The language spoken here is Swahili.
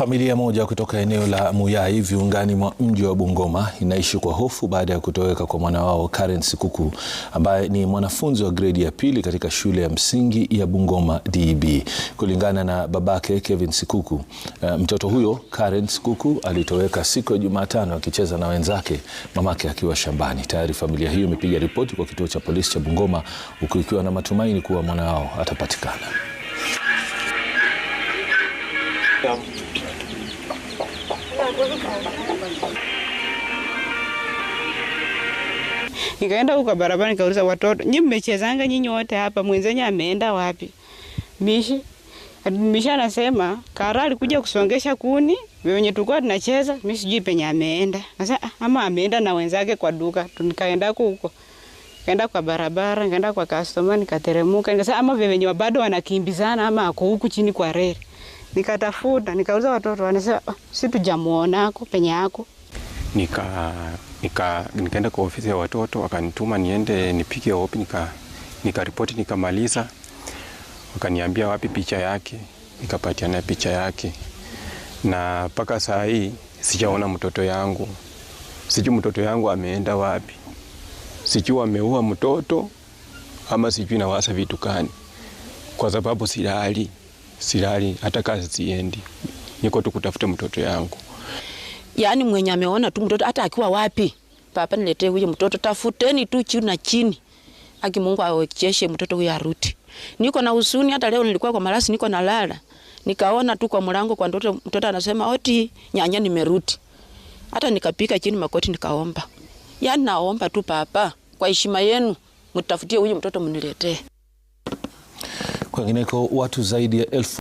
Familia moja kutoka eneo la Muyai viungani mwa mji wa Bungoma inaishi kwa hofu baada ya kutoweka kwa mwana wao Caren Sikuku ambaye ni mwanafunzi wa gredi ya pili katika shule ya msingi ya Bungoma DEB. Kulingana na babake Kevin Sikuku, eh, mtoto huyo Caren Sikuku alitoweka siku ya Jumatano akicheza na wenzake, mamake akiwa shambani. Tayari familia hiyo imepiga ripoti kwa kituo cha polisi cha Bungoma huku ikiwa na matumaini kuwa mwana wao atapatikana. Nikaenda huko barabara nikauliza watoto, nyinyi mmechezanga nyinyi wote hapa, mwenzenye ameenda wapi? Mishi Mishi anasema Kara alikuja kusongesha kuni wenye tulikuwa tunacheza, mimi sijui penye ameenda. Sasa ah, ama ameenda na wenzake kwa duka, Tunikaenda huko. Kaenda kwa barabara, nikaenda kwa customer, nikateremuka, nikasema ama wenye bado wanakimbizana ama ako huku chini kwa reli. Nikatafuta nikauliza watoto, wanasema oh, si tujamuonako penye yako. Nika, nika, nikaenda kwa ofisi ya watoto wakanituma niende nipige OP, nika nikaripoti nikamaliza, wakaniambia wapi picha yake, nikapatiana picha yake, na mpaka saa hii sijaona mtoto yangu. Sijui mtoto yangu ameenda wapi, sijui ameua mtoto ama sijui nawasa vitu kani, kwa sababu silali silali, hata kazi ziendi, niko tu kutafuta mtoto yangu. Yaani mwenye ameona tu mtoto hata akiwa wapi, papa nilete huyo mtoto, tafuteni tu chini na chini, aki Mungu awekeshe mtoto huyo aruti. Niko na usuni, hata leo nilikuwa kwa marasi, niko nalala nikaona tu kwa mlango kwa mtoto, mtoto anasema oti nyanya, nimeruti Hata nikapika chini makoti nikaomba, yaani naomba tu papa, kwa heshima yenu mtafutie huyu mtoto mniletee kwengineko watu zaidi ya elfu